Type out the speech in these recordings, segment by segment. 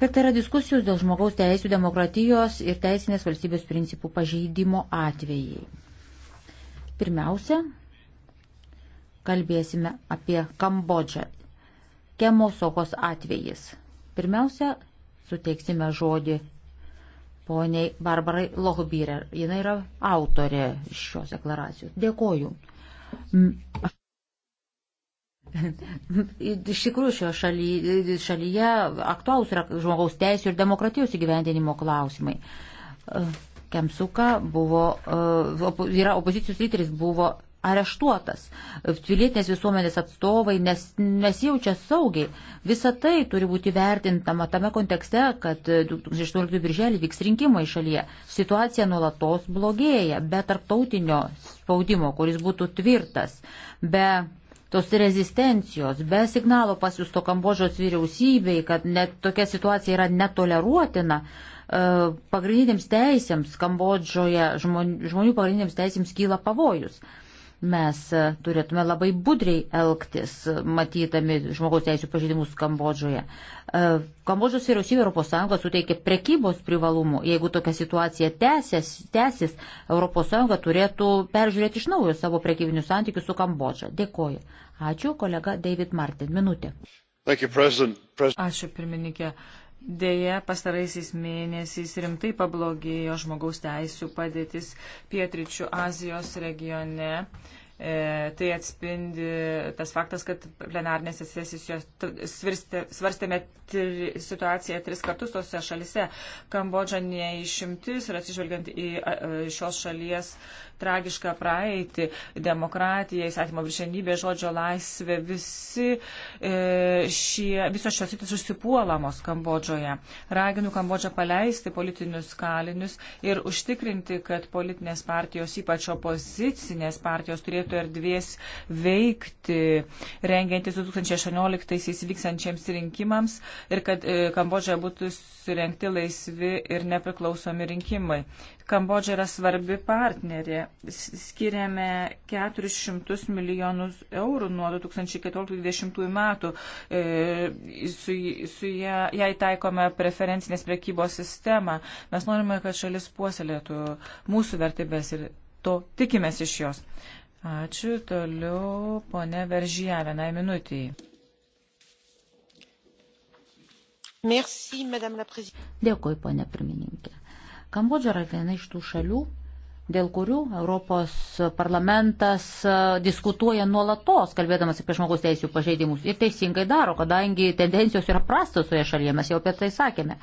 kad tai yra diskusijos dėl žmogaus teisų, demokratijos ir teisinės valstybės principų pažeidimo atvejai. Pirmiausia, kalbėsime apie Kambodžą. Kemosokos atvejis. Pirmiausia, suteiksime žodį poniai Barbarai Lohbyrė. Jis yra autorė šios deklaracijos. Dėkoju. Aš Iš tikrųjų, šio šaly, šalyje aktualūs yra žmogaus teisų ir demokratijos įgyvendinimo klausimai. Kemsuka buvo, yra opozicijos lyderis, buvo areštuotas. Pilietinės visuomenės atstovai nes, nesijaučia saugiai. Visa tai turi būti vertintama tame kontekste, kad 2018 birželį vyks rinkimai šalyje. Situacija nuolatos blogėja be tarptautinio spaudimo, kuris būtų tvirtas, be tos rezistencijos, be signalo pasiūsto Kambožos vyriausybei, kad net tokia situacija yra netoleruotina, e, pagrindinėms teisėms Kambodžoje, žmonių pagrindinėms teisėms kyla pavojus. Mes turėtume labai budriai elgtis, matydami žmogaus teisų pažeidimus Kambodžoje. E, Kambodžos vyriausybė ES suteikė prekybos privalumų. Jeigu tokia situacija tęsis, tęsis ES turėtų peržiūrėti iš naujo savo prekybinius santykius su Kambodža. Dėkoju. Ačiū, kolega David Martin. Minutė. You, President. President. Ačiū, pirmininkė. Deja, pastaraisiais mėnesiais rimtai pablogėjo žmogaus teisų padėtis pietričių Azijos regione. E, tai atspindi tas faktas, kad plenarnėse sesijose svarstėme tri, situaciją tris kartus tose šalise. Kambodža neišimtis ir atsižvelgiant į a, šios šalies e, tragišką praeitį, demokratiją, įstatymo viršenybę, žodžio laisvę, visi e, šie, visos šios sitis užsipuolamos Kambodžoje. Raginu Kambodžą paleisti politinius kalinius ir užtikrinti, kad politinės partijos, ypač opozicinės partijos, turėtų erdvės veikti, rengiantis 2018 vyksančiams rinkimams ir kad e, Kambodžoje būtų surenkti laisvi ir nepriklausomi rinkimai. Kambodža yra svarbi partnerė skiriame 400 milijonus eurų nuo 2014-2020 metų. E, su, su jie, jai taikome preferencinės prekybos sistemą. Mes norime, kad šalis puoselėtų mūsų vertybės ir to tikimės iš jos. Ačiū. Toliau pone Veržyje, vienai minutiai. Merci, Dėkui, ponė pirmininkė. Kambodža yra viena iš tų šalių, dėl kurių Europos parlamentas e, diskutuoja nuolatos, kalbėdamas apie žmogaus teisų pažeidimus. Ir teisingai daro, kadangi tendencijos yra prastos toje šalyje, mes jau apie tai sakėme.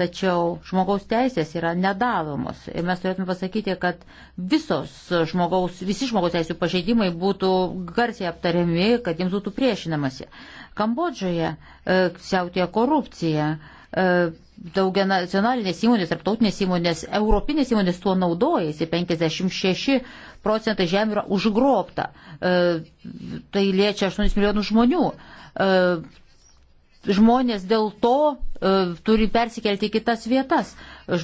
Tačiau žmogaus teisės yra nedalomos. Ir mes turėtume pasakyti, kad visos žmogaus, visi žmogaus teisų pažeidimai būtų garsiai aptariami, kad jiems būtų priešinamasi. Kambodžoje e, siautėja korupcija. E, E, daugia nacionalinės įmonės, tarptautinės įmonės, europinės įmonės tuo naudojasi, 56 procentai žemė yra užgrobta, e, tai liečia 8 milijonų žmonių. E, žmonės dėl to turi persikelti į kitas vietas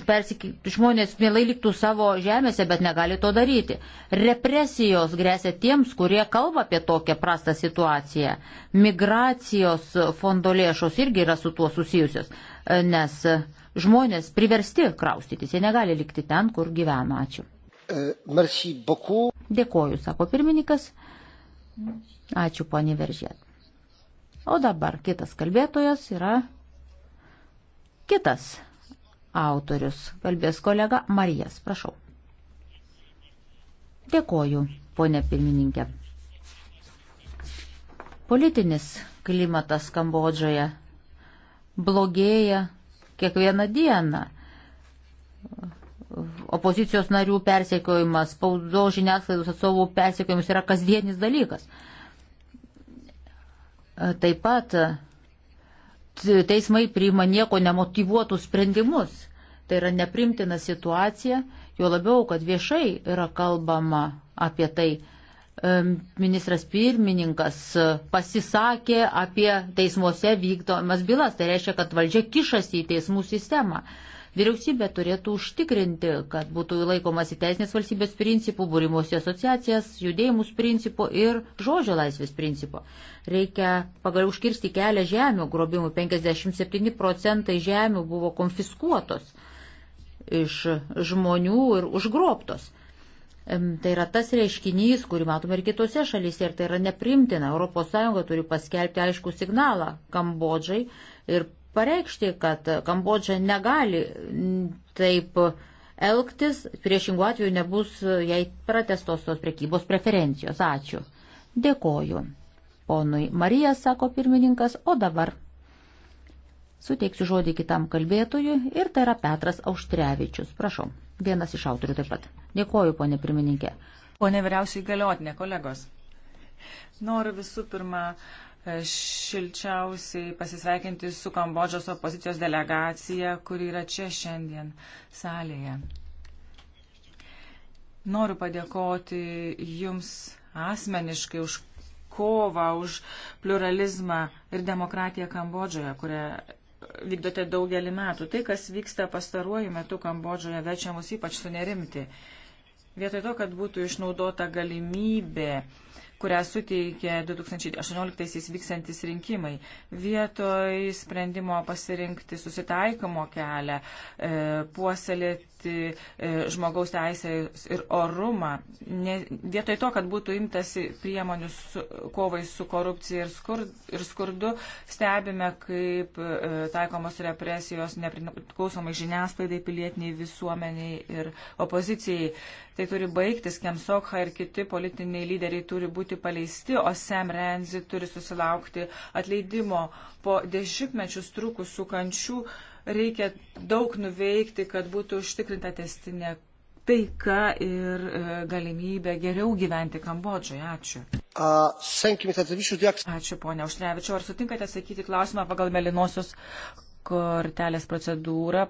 persik... žmonės mielai liktų savo žemėse, bet negali to daryti. Represijos grėsia tiems, kurie kalba apie tokią prastą situaciją. Migracijos fondo lėšos irgi yra su tuo susijusios, e, nes e, žmonės priversti kraustytis, jie negali likti ten, kur gyvena. Ačiū. E, Dėkoju, sako pirmininkas. Ačiū, ponė Veržėt. O dabar kitas kalbėtojas yra kitas autorius. Kalbės kolega Marijas, prašau. Dėkoju, ponė pirmininkė. Politinis klimatas Kambodžoje blogėja kiekvieną dieną. Opozicijos narių persiekiojimas, spaudo žiniasklaidos atstovų persiekiojimas yra kasdienis dalykas. Taip pat teismai priima nieko nemotivuotų sprendimus. Tai yra neprimtina situacija, jo labiau, kad viešai yra kalbama apie tai. Ministras pirmininkas pasisakė apie teismuose vykdomas bylas, tai reiškia, kad valdžia kišasi į teismų sistemą. Vyriausybė turėtų užtikrinti, kad būtų laikomasi teisinės valstybės principų, būrimuose asociacijas, judėjimus principų ir žodžio laisvės principų. Reikia pagaliau užkirsti kelią žemių grobimui. 57 procentai žemių buvo konfiskuotos iš žmonių ir užgrobtos. Tai yra tas reiškinys, kurį matome ir kitose šalyse, ir tai yra neprimtina. ES turi paskelbti aišku signalą Kambodžai ir pareikšti, kad Kambodža negali taip elgtis, priešingų atveju nebus jai pratestos tos prekybos preferencijos. Ačiū. Dėkoju. Ponui Marija, sako pirmininkas, o dabar suteiksiu žodį kitam kalbėtojui ir tai yra Petras Auštrevičius. Prašau, vienas iš autorių taip pat. Dėkoju, ponė pirmininkė. Pone vyriausiai galiotinė, kolegos. Noriu visų pirma uh, šilčiausiai pasisveikinti su Kambodžos opozicijos delegacija, kuri yra čia šiandien salėje. Noriu padėkoti Jums asmeniškai už kovą, už pluralizmą ir demokratiją Kambodžoje, kurią vykdote daugelį metų. Tai, kas vyksta pastaruoju metu Kambodžoje, verčia mus ypač sunerimti. Vietoj to, kad būtų išnaudota galimybė uh, kurią suteikė 2018-aisiais vyksantis rinkimai. Vietoj sprendimo pasirinkti susitaikymo kelią, e, puoselėti pažeisti e, žmogaus teisės ir orumą. Ne, vietoj to, kad būtų imtasi priemonių su, kovai su korupcija ir, skur, ir skurdu, stebime, kaip e, taikomos represijos nepriklausomai žiniasklaidai, pilietiniai visuomeniai ir opozicijai. Tai turi baigtis, Kemsokha ir kiti politiniai lyderiai turi būti paleisti, o Sam Renzi turi susilaukti atleidimo po dešimtmečius trukusių kančių reikia daug nuveikti, kad būtų užtikrinta testinė taika ir e, galimybė geriau gyventi Kambodžoje. Ačiū. Ačiū, ponia Užtrevičiau. Ar sutinkate sakyti klausimą pagal melinosios kortelės procedūrą,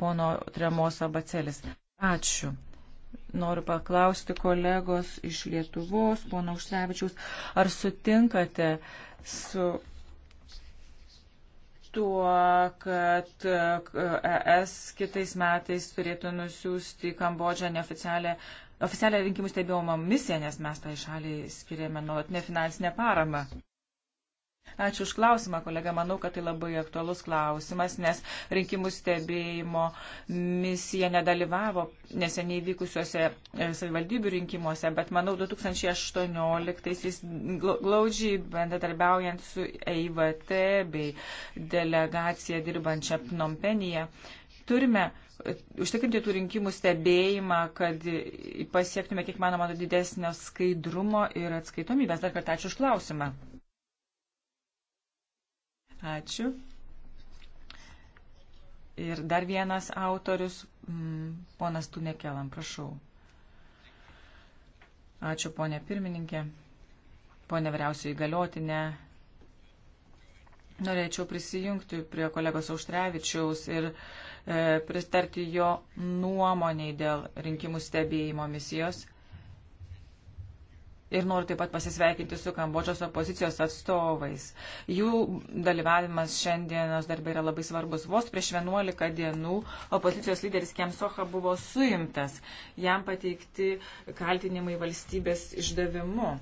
pono Tremos abacelis? Ačiū. Noriu paklausti kolegos iš Lietuvos, pono Užtrevičiaus, ar sutinkate su tuo, kad e, ES kitais metais turėtų nusiųsti į Kambodžą neoficialią oficialią rinkimų stebėjimo misiją, nes mes tai šaliai skiriame nuolatinę finansinę paramą. Ačiū už klausimą, kolega. Manau, kad tai labai aktualus klausimas, nes rinkimų stebėjimo misija nedalyvavo neseniai vykusiuose e, savivaldybių rinkimuose, bet manau, 2018-aisiais glaudžiai bendradarbiaujant su EIVT bei delegacija dirbančia Pnompenyje. Turime e, užtikrinti tų rinkimų stebėjimą, kad pasiektume kiek manoma didesnio skaidrumo ir atskaitomybės. Dar kartą ačiū už klausimą. Ačiū. Ir dar vienas autorius, mm, ponas Tunekelam, prašau. Ačiū, ponė pirmininkė, ponė vyriausiai įgaliotinė. Norėčiau prisijungti prie kolegos Auštrevičiaus ir e, pritarti jo nuomoniai dėl rinkimų stebėjimo misijos ir noriu taip pat pasisveikinti su Kambodžos opozicijos atstovais. Jų dalyvavimas šiandienos darbė yra labai svarbus. Vos prieš 11 dienų opozicijos lyderis Kemsoha buvo suimtas. Jam pateikti kaltinimai valstybės išdavimu.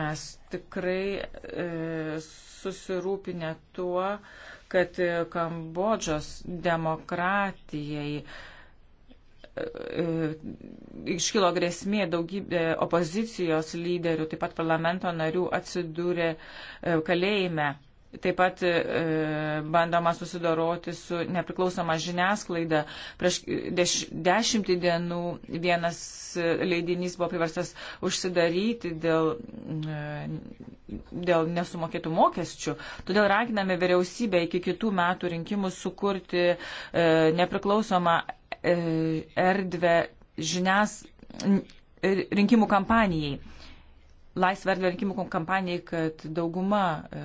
Mes tikrai e, susirūpinę tuo, kad Kambodžos demokratijai e, E, e, iškilo grėsmė daugybė opozicijos lyderių, taip pat parlamento narių atsidūrė e, kalėjime. Taip pat e, bandoma susidoroti su nepriklausoma žiniasklaida. Prieš deš, dešimtį dienų vienas leidinys buvo priverstas užsidaryti dėl, e, dėl nesumokėtų mokesčių. Todėl raginame vyriausybę iki kitų metų rinkimų sukurti e, nepriklausomą E, erdvę žinias e, rinkimų kampanijai. Laisvę erdvę rinkimų kampanijai, kad dauguma e,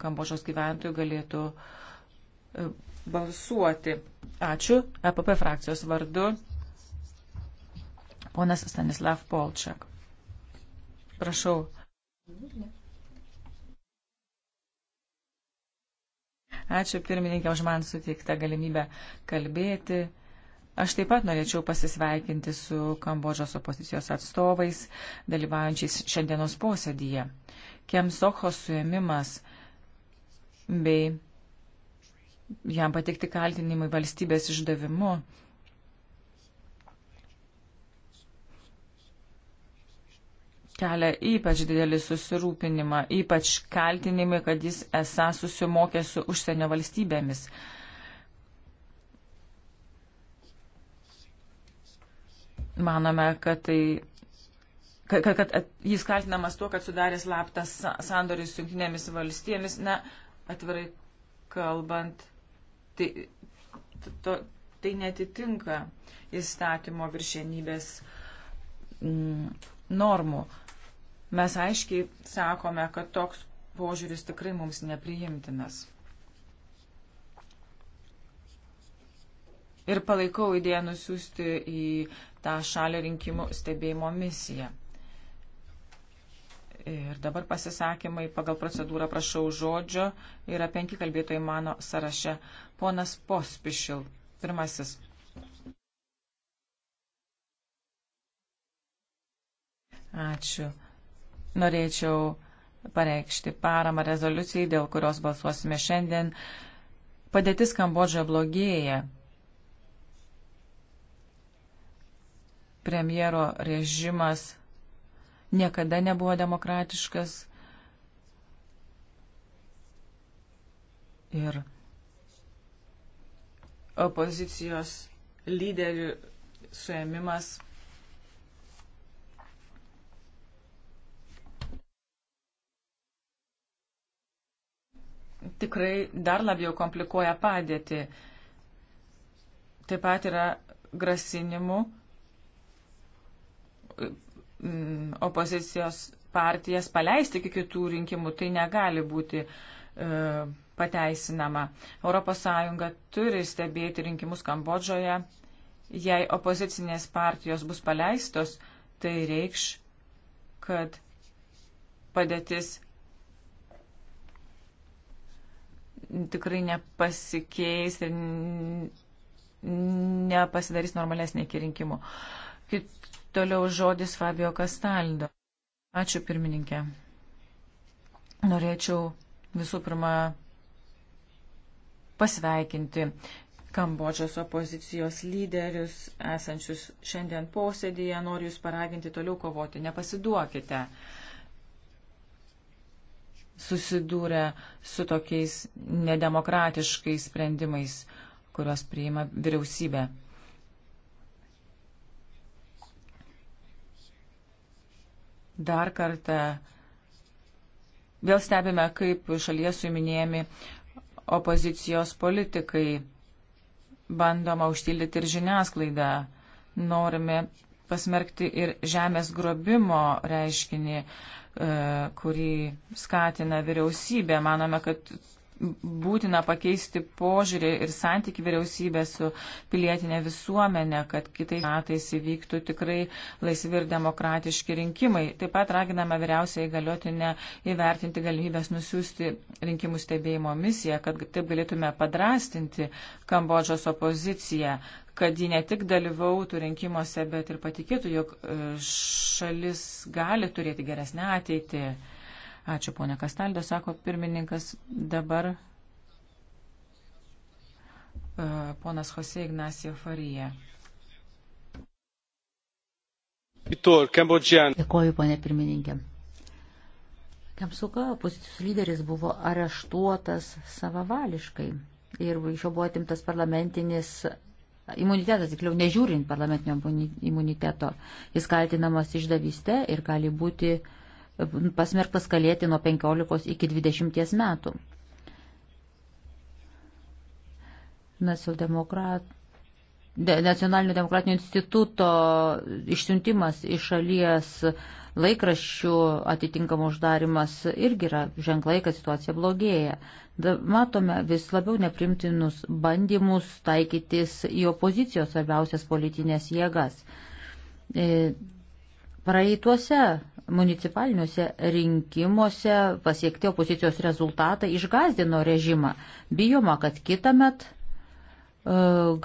Kambožos gyventojų galėtų balsuoti. Ačiū. EPP frakcijos vardu. Ponas Stanislav Polčiak. Prašau. Ačiū pirmininkė už man suteiktą galimybę kalbėti. Aš taip pat norėčiau pasisveikinti su Kambodžos opozicijos atstovais, dalyvaujančiais šiandienos posėdyje. Kem Sokho suėmimas bei jam patikti kaltinimai valstybės išdavimu kelia ypač didelį susirūpinimą, ypač kaltinimai, kad jis esą susimokė su užsienio valstybėmis. Manome, kad tai. Kad, kad, kad jis kaltinamas tuo, kad sudarė slaptą sandorį su jungtinėmis valstijomis, na, atvirai kalbant, tai, to, tai netitinka įstatymo viršienybės mm, normų. Mes aiškiai sakome, kad toks požiūris tikrai mums nepriimtinas. ir palaikau idėją nusiųsti į tą šalį rinkimų stebėjimo misiją. Ir dabar pasisakymai pagal procedūrą prašau žodžio. Yra penki kalbėtojai mano sąraše. Ponas Pospišil, pirmasis. Ačiū. Norėčiau pareikšti paramą rezoliucijai, dėl kurios balsuosime šiandien. Padėtis Kambodžoje blogėja premjero režimas niekada nebuvo demokratiškas. Ir opozicijos lyderių suėmimas tikrai dar labiau komplikuoja padėtį. Taip pat yra grasinimų Mm, opozicijos partijas paleisti iki kitų rinkimų, tai negali būti e, pateisinama. ES turi stebėti rinkimus Kambodžoje. Jei opozicinės partijos bus paleistos, tai reikš, kad padėtis tikrai nepasikeis ir nepasidarys normalesnė iki rinkimų. Kit, Toliau žodis Fabio Kastaldo. Ačiū pirmininkė. Norėčiau visų pirma pasveikinti Kambodžos opozicijos lyderius esančius šiandien posėdėje. Noriu Jūs paraginti toliau kovoti. Nepasiduokite susidūrę su tokiais nedemokratiškais sprendimais, kuriuos priima vyriausybė. Dar kartą vėl stebime, kaip šalyje suiminėjami opozicijos politikai. Bandoma užtildyti ir žiniasklaidą. Norime pasmerkti ir žemės grobimo reiškinį, e, kurį skatina vyriausybė. Manome, kad būtina pakeisti požiūrį ir santyki vyriausybę su pilietinė visuomenė, kad kitais metais įvyktų tikrai laisvi ir demokratiški rinkimai. Taip pat raginame vyriausiai galiotinę įvertinti galimybės nusiųsti rinkimų stebėjimo misiją, kad taip galėtume padrastinti Kambodžos opoziciją kad ji ne tik dalyvautų rinkimuose, bet ir patikėtų, jog šalis gali turėti geresnę ateitį. Ačiū, ponė Kastaldo, sako pirmininkas. Dabar e, ponas Jose Ignacio Farija. Dėkoju, ponė pirmininkė. Kemsuka, opozicijos lyderis, buvo areštuotas savavališkai ir iš jo buvo atimtas parlamentinis imunitetas, tikliau nežiūrint parlamentinio imuniteto. Jis kaltinamas išdavyste ir gali būti uh, pasmerktas kalėti nuo 15 iki 20 metų. Nacionaldemokrat... De, Nacionalinio demokratinio instituto išsiuntimas iš šalies laikraščių atitinkamo uždarimas irgi yra ženklai, kad situacija blogėja. Da, matome vis labiau neprimtinus bandymus taikytis į opozicijos svarbiausias politinės jėgas. E, Praeituose municipaliniuose rinkimuose pasiekti opozicijos rezultatai išgazdino režimą. Bijoma, kad kitą met e,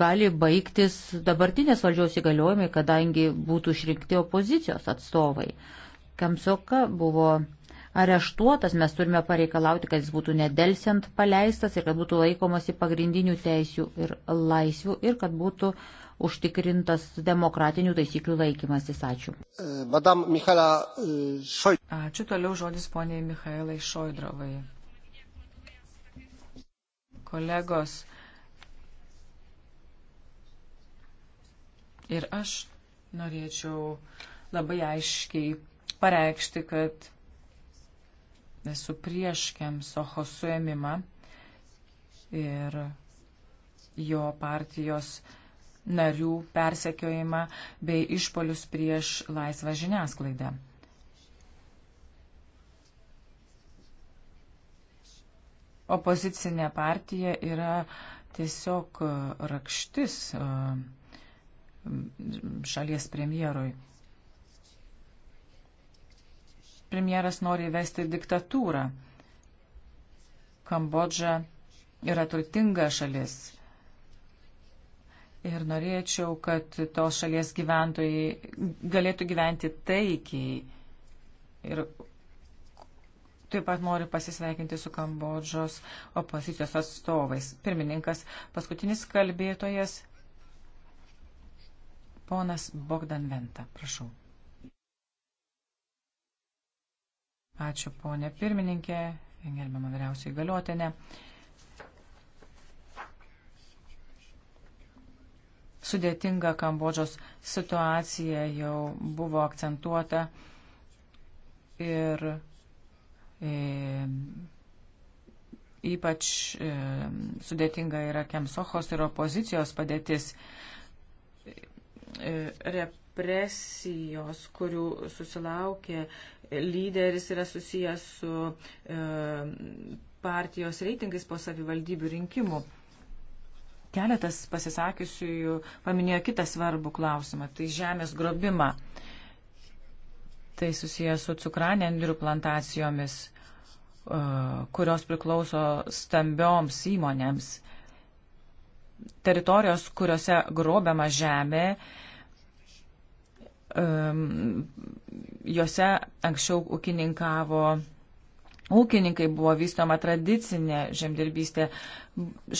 gali baigtis dabartinės valdžios įgaliojimai, kadangi būtų išrinkti opozicijos atstovai. Kamsoka buvo areštuotas, mes turime pareikalauti, kad jis būtų nedelsiant paleistas ir kad būtų laikomasi pagrindinių teisių ir laisvių ir kad būtų užtikrintas demokratinių taisyklių laikymasis. Ačiū. E, e, Ačiū toliau žodis poniai Mikhailai Šoidrovai. Kolegos, ir aš norėčiau labai aiškiai pareikšti, kad esu prieš Kemsoho suėmimą ir jo partijos narių persekiojimą bei išpolius prieš laisvą žiniasklaidą. Opozicinė partija yra tiesiog rakštis šalies premjerui premjeras nori įvesti diktatūrą. Kambodža yra turtinga šalis. Ir norėčiau, kad tos šalies gyventojai galėtų gyventi taikiai. Ir taip pat noriu pasisveikinti su Kambodžos opozicijos atstovais. Pirmininkas, paskutinis kalbėtojas, ponas Bogdan Venta. Prašau. Ačiū ponė pirmininkė, gerbiamą vyriausiai galiotinę. Sudėtinga Kambodžos situacija jau buvo akcentuota ir e, ypač e, sudėtinga yra Kemsohos ir opozicijos padėtis. E, rep, represijos, kurių susilaukė lyderis, yra susijęs su e, partijos reitingais po savivaldybių rinkimų. Keletas pasisakysiųjų paminėjo kitą svarbų klausimą - tai žemės grobimą. Tai susijęs su cukranendrių plantacijomis, e, kurios priklauso stambioms įmonėms. Teritorijos, kuriuose grobiama žemė, Juose anksčiau ūkininkavo ūkininkai buvo vystoma tradicinė žemdirbystė.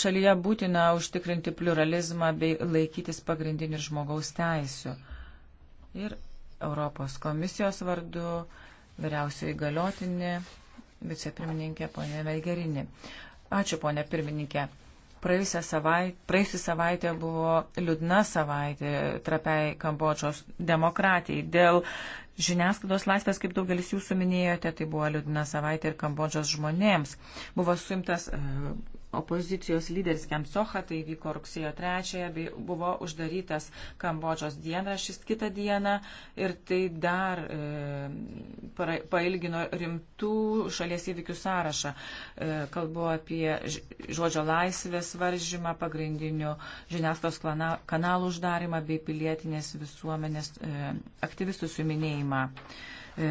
Šalyje būtina užtikrinti pluralizmą bei laikytis pagrindinių žmogaus teisių. Ir Europos komisijos vardu vyriausioji galiotinė vicepirmininkė ponė Melgerinė. Ačiū ponė pirmininkė. Praėjusią savaitę, praėjusią savaitę buvo liūdna savaitė trapiai Kambodžos demokratijai. Dėl žiniasklaidos laisvės, kaip daugelis jūsų minėjote, tai buvo liūdna savaitė ir Kambodžos žmonėms. Buvo suimtas opozicijos lyderis Kemsocha, tai vyko rugsėjo 3-ąją, bei buvo uždarytas Kambodžos dienrašys kitą dieną ir tai dar e, pailgino rimtų šalies įvykių sąrašą. E, kalbu apie žodžio laisvės varžymą, pagrindinių žiniasklaidos kanalų uždarimą bei pilietinės visuomenės e, aktyvistų suminėjimą. E,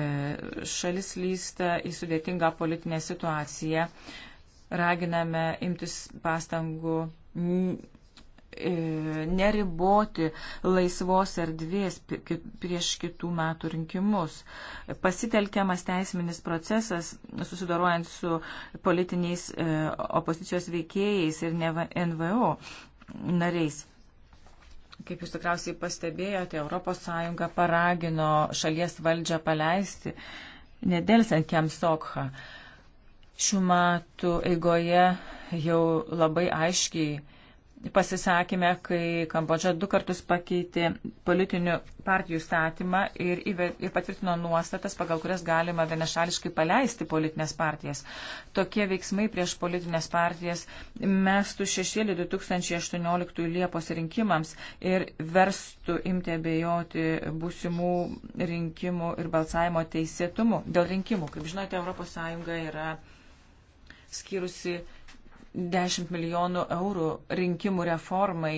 šalis lysta į sudėtingą politinę situaciją. E, raginame imtis pastangų e, neriboti laisvos erdvės prieš kitų metų rinkimus. Pasitelkiamas teisminis procesas, susidorojant su politiniais e, opozicijos veikėjais ir NVO nariais. Kaip jūs tikriausiai pastebėjote, ES paragino šalies valdžią paleisti, nedėlsiant Kem Sokha. Uh, Šių metų eigoje jau labai aiškiai pasisakėme, kai Kambodža du kartus pakeitė politinių partijų statymą ir, ir patvirtino nuostatas, pagal kurias galima vienašališkai paleisti politinės partijas. Tokie veiksmai prieš politinės partijas mestų šešėlį 2018 Liepos rinkimams ir verstų imti abejoti būsimų rinkimų ir balsavimo teisėtumu. Dėl rinkimų, kaip žinote, ES yra skyrusi 10 milijonų eurų rinkimų reformai,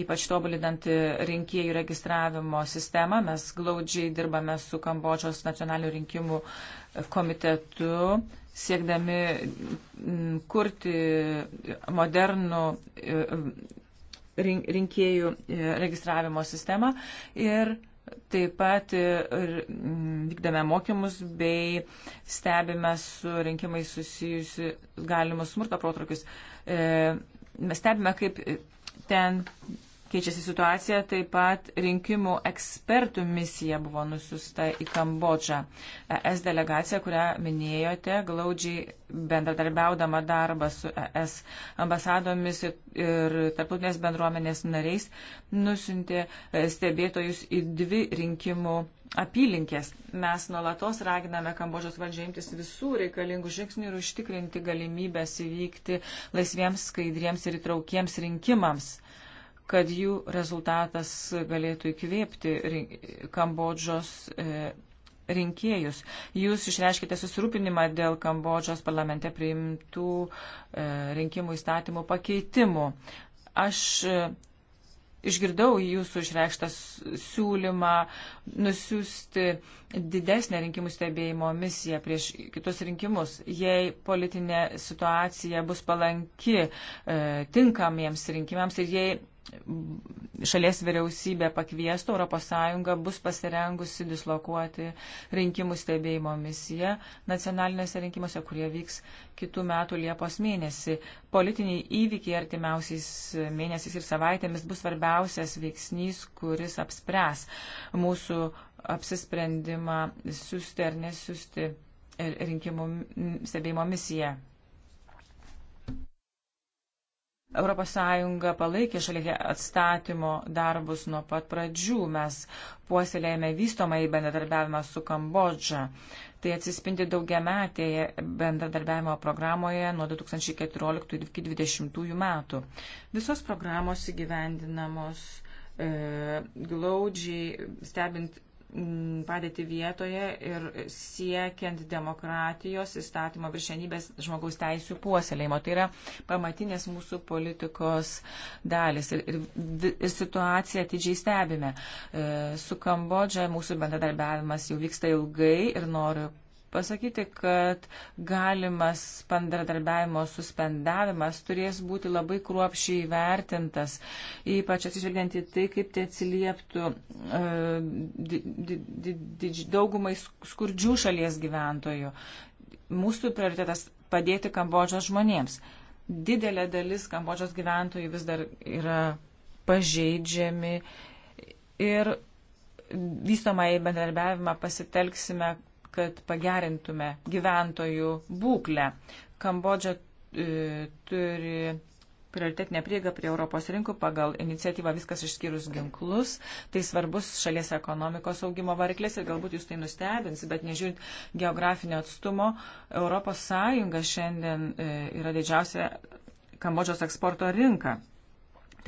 ypač tobulinant rinkėjų registravimo sistemą. Mes glaudžiai dirbame su Kambodžos nacionaliniu rinkimų komitetu, siekdami mm, kurti modernų e, rinkėjų e, registravimo sistemą ir Taip pat mm, vykdame mokymus bei stebime su rinkimai susijusi galimus smurto protrukius. E, mes stebime, kaip ten keičiasi situacija, taip pat rinkimų ekspertų misija buvo nusiusta į Kambodžą. ES delegacija, kurią minėjote, glaudžiai bendradarbiaudama darbą su ES ambasadomis ir tarptautinės bendruomenės nariais, nusintė e, stebėtojus į dvi rinkimų apylinkės. Mes nuolatos raginame Kambodžos valdžią imtis visų reikalingų žingsnių ir užtikrinti galimybę įvykti laisviems, skaidriems ir įtraukiems rinkimams kad jų rezultatas galėtų įkvėpti Kambodžos e, rinkėjus. Jūs išreiškite susirūpinimą dėl Kambodžos parlamente priimtų e, rinkimų įstatymų pakeitimų. Aš e, išgirdau jūsų išreikštą siūlymą nusiųsti didesnę rinkimų stebėjimo misiją prieš kitus rinkimus, jei politinė situacija bus palanki e, tinkamiems rinkimams ir jei šalies vyriausybė pakviestų, ES bus pasirengusi dislokuoti rinkimų stebėjimo misiją nacionalinėse rinkimuose, kurie vyks kitų metų Liepos mėnesį. Politiniai įvykiai artimiausiais mėnesiais ir savaitėmis bus svarbiausias veiksnys, kuris apspręs mūsų apsisprendimą siūsti ar nesiūsti rinkimų stebėjimo misiją. ES palaikė šalyje atstatymo darbus nuo pat pradžių. Mes puoselėjame vystomą į bendradarbiavimą su Kambodža. Tai atsispindi daugiametėje bendradarbiavimo programoje nuo 2014 iki 2020 metų. Visos programos įgyvendinamos e, glaudžiai stebint Mm, padėti vietoje ir siekiant demokratijos įstatymo viršenybės žmogaus teisų puoselėjimo. Tai yra pamatinės mūsų politikos dalis ir, ir, ir situaciją atidžiai stebime. E, su Kambodža mūsų bendradarbiavimas jau vyksta ilgai ir noriu pasakyti, kad galimas pandradarbiavimo suspendavimas turės būti labai kruopšiai įvertintas, ypač atsižvelgiant į tai, kaip tai atsilieptų uh, di, di, di, daugumai skurdžių šalies gyventojų. Mūsų prioritetas padėti Kambodžos žmonėms. Didelė dalis Kambodžos gyventojų vis dar yra pažeidžiami ir vystomą į bendradarbiavimą pasitelksime kad pagerintume gyventojų būklę. Kambodža e, turi prioritetinę prieigą prie Europos rinkų pagal iniciatyvą Viskas išskyrus ginklus. Tai svarbus šalies ekonomikos augimo variklis ir galbūt jūs tai nustebins, bet nežiūrint geografinio atstumo, ES šiandien e, yra didžiausia Kambodžos eksporto rinka.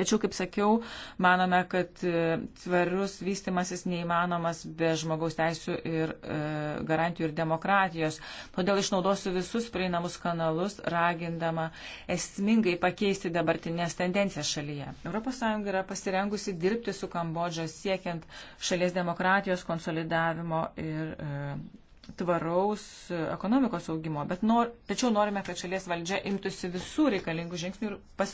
Tačiau, kaip sakiau, manome, kad e, tvarus vystimasis neįmanomas be žmogaus teisų ir e, garantijų ir demokratijos. Todėl išnaudosiu visus prieinamus kanalus, ragindama esmingai pakeisti dabartinės tendencijas šalyje. ES yra pasirengusi dirbti su Kambodža siekiant šalies demokratijos konsolidavimo ir e, tvaraus ekonomikos augimo, bet nor, tačiau norime, kad šalies valdžia imtųsi visų reikalingų žingsnių ir pasiūlytų.